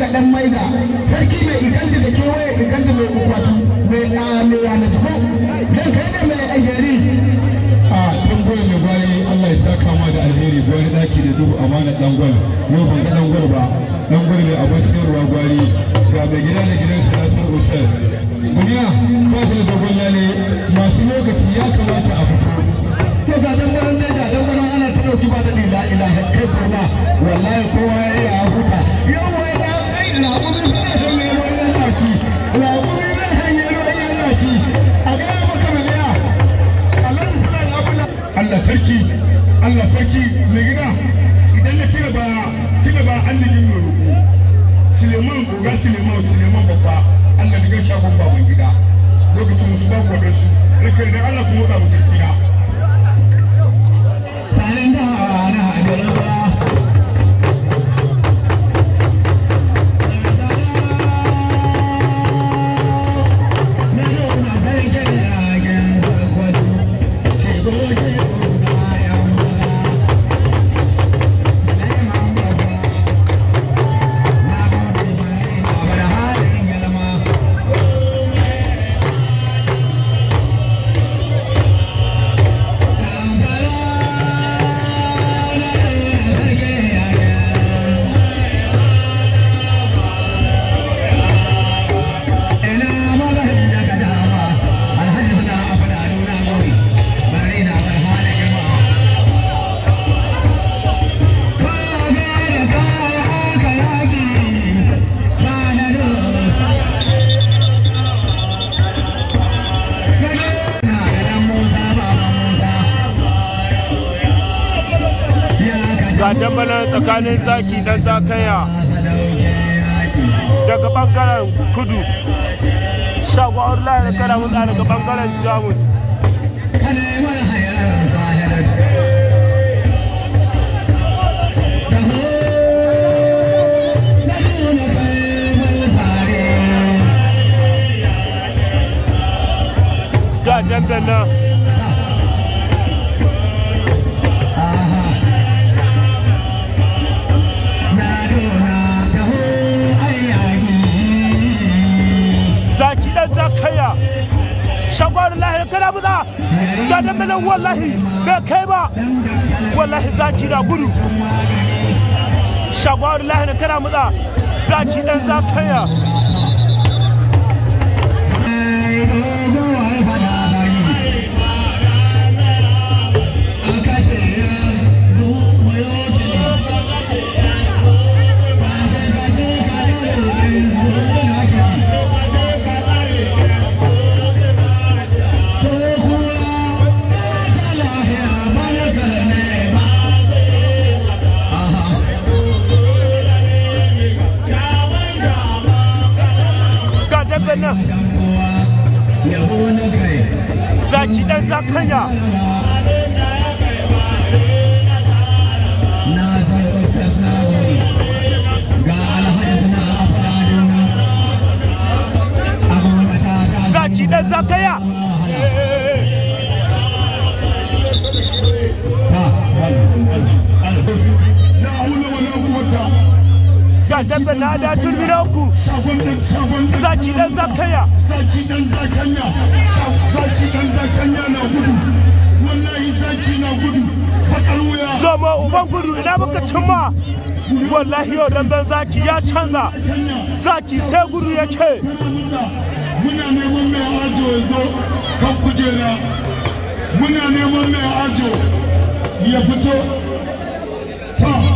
ga dan maida sarki mai igandi da kewaye igandi mai kukwatu mai mai na tuko dan kai ne mai ajeri a dan gwal mai gwari Allah ya saka ma da alheri gwari daki da duhu amana dan gwal yau ban ga dan gwal ba dan gwal mai abin sayarwa gwari ga mai gida da gidan sa sun hotel duniya ba su da dogon yale masu lokaci ya kamata a fito to ga dan gwaran da dan gwaran ana ta dauki ba da la ilaha illallah wallahi kowa ya huta yawa Allah sarki Allah sarki me gida idan na kira ba kira ba annabin mai roƙo Suleiman goga sileman sileman babba Allah daga shafin baban gida lokacin musu babu su rikin da Allah kuma da mutum ga dabanan tsakanin zaki dan zakaya daga bangaren kudu shagwar lahar kada mutsa daga bangaren jamus ga dambe na abuda da damina wallahi bai kai ba wallahi zaki na gudu shagwar lahi na tana mutsa zaki dan zakaya Black Kenya. Zaki da zakaya. dambe na da turmi na zaki dan zakanya zaki dan zakanya zaki dan zakanya na gudu wallahi zaki na gudu bakar wuya zama uban gudu ina muka cimma wallahi yau dan zaki ya canza zaki sai gudu yake muna neman mai ajo ya ajo ya fito ta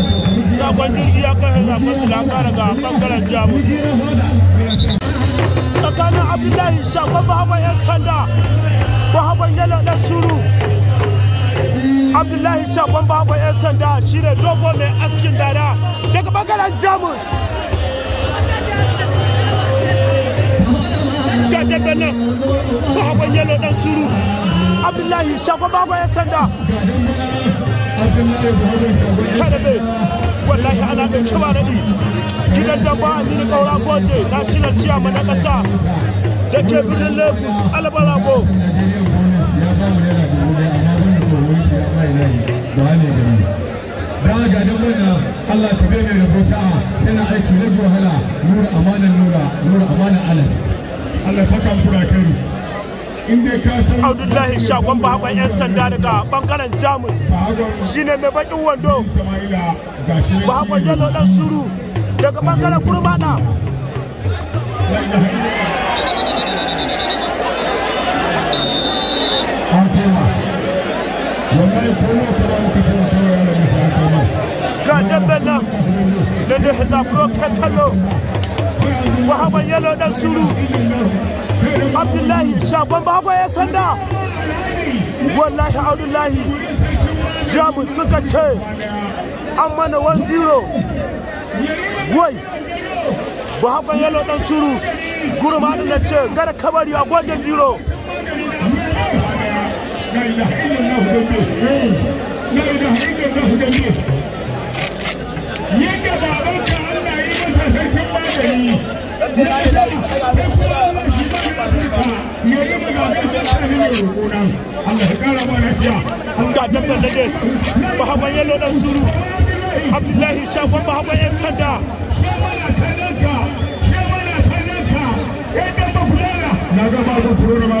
sakon jirgi tsakanin abdullahi shakon bahaban yan sanda yalo dan suru abdullahi shakon bahaban yan sanda ne dogo mai askin dada daga bangaren jamus daga nan bahaban suru abdullahi yan sanda wallahi ana da kiba daɗi gidan da ba aminu ƙaura goje national ciyama na ƙasa da ke birnin lagos albarago daga da wannan Allah ta bai mai rabo sa'a tana aiki na wahala nura amanan nura nura amanan alas Allah ta kan kai abdullahi shagon bakon 'yan sanda daga bangaren jamus shine mai bakin wando bakon jalo dan suru daga bangaren kurmada Ka dabban nan da da hizaburo kan kallo wahaban yalo dan suru abdullahi shagon bago ya sanda wallahi abdullahi jamus suka ce an mana 1-0 wai bahagon yalo dan suru gurma da ce gara kabari a goge zero yadda masa sarkin magani ga dabban dage mahaban yalo dan abdullahi shafon yan sanda na gaba ga furo na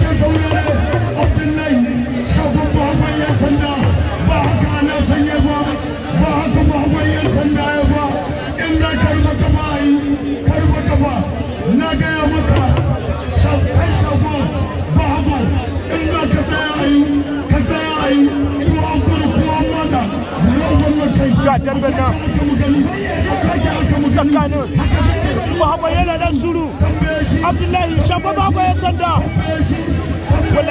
a damben nan tsakanin baba yana nan suru abdullahi shafa baba ya sanda ga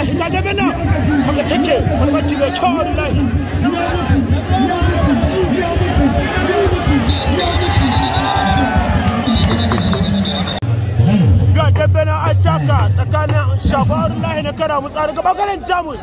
tsakanin na kara mutsari jamus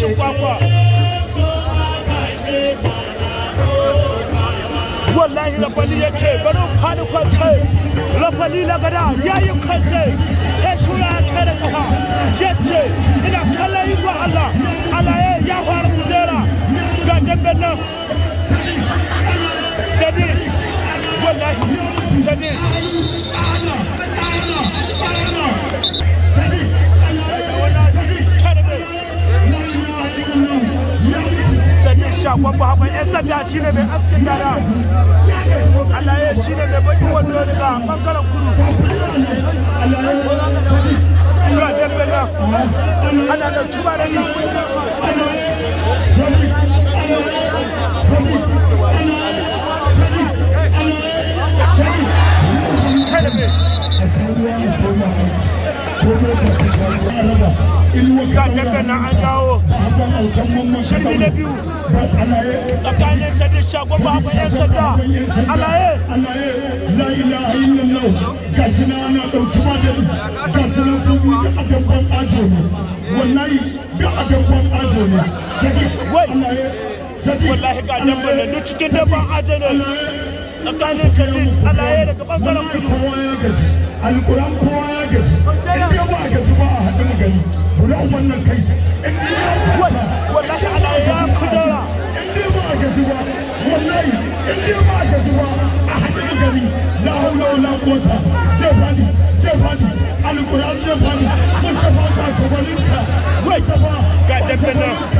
cin kwakwa wallahi rafali ya ce bari fadi kwance rafali lagada ya yi kwance ya shura ya ya ce ina ya fara kujera ga dambe nan sadiq wallahi shagon ba haɓar 'yan sanda shi ne mai askin dada Allah ya shi ne mai baƙi wanda ya daga ɓangaren kudu Ina dambe na ana da cuba da Thank you. ga dangana an dawo na biyu tsakanin sadin shagon ba ba yan sanda alaye ga suna na cikin tsakanin shalid alaye daga bangaren kudu alkuran ya gaji in ya ba a gani guda wannan kai wallahi ya kudura in ya ba wallahi in ya ba a gani la wala quwwata fadi fadi fadi mustafa ka ga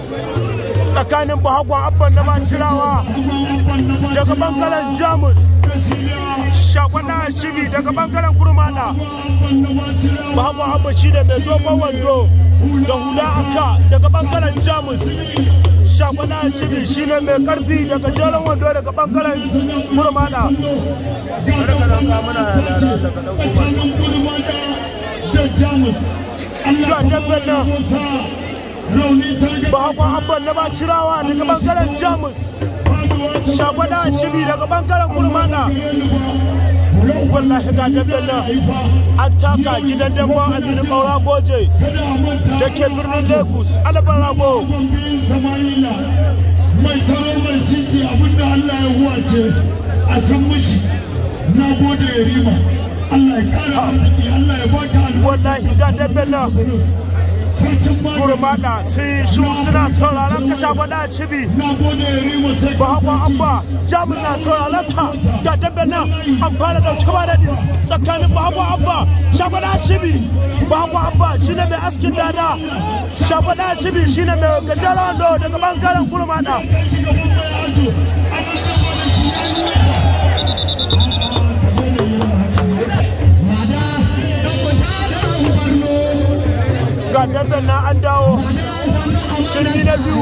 tsakanin bahagwa abban na bacirawa daga bangaren jamus shakwada shibi daga bangaren kurmada bahagwa abban shi da mai dogon wando da hula aka daga bangaren jamus shakwada shibi shi ne mai karfi daga jeron wando daga bangaren kurmada Jamus. Allah Bahakon Abban na cirawa daga bangaren Jamus. Shagwada Shibi daga bangaren Kurmana. Wallahi ga dabban nan an taka gidan dabban Aminu Kaura Goje da ke birnin Lagos Alban Rago. Mai Allah ya na Allah kurmada sun shiru suna sauraron ka shagwada shibi ba hawa abba jamus na sauraron ka ga dambe nan an fara da ba da tsakanin ba hawa abba shagwada cibi ba hawa abba shi ne mai askin dada shagwada cibi shi ne mai gajeren daga bangaren kurmada ga damben na an dawo shirmi na biyu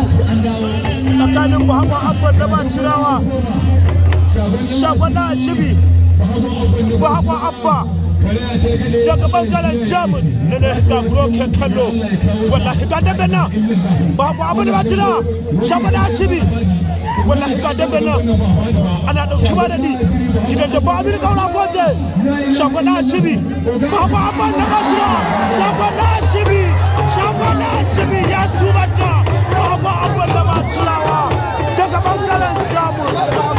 tsakanin muhammad abba da bacirawa shagwada a shibi muhammad abba daga bangaren jamus na na hika broken kallo wallahi ga damben na muhammad abba da bacirawa shagwada a shibi wallahi ga dambe nan ana ɗauki ba da ni gidan da ba abin kauna koje shagon na shibi ba ba abin na kasuwa shagon na shibi shagon ya sumanta ba ba abin da ba cilawa daga bangaren jamus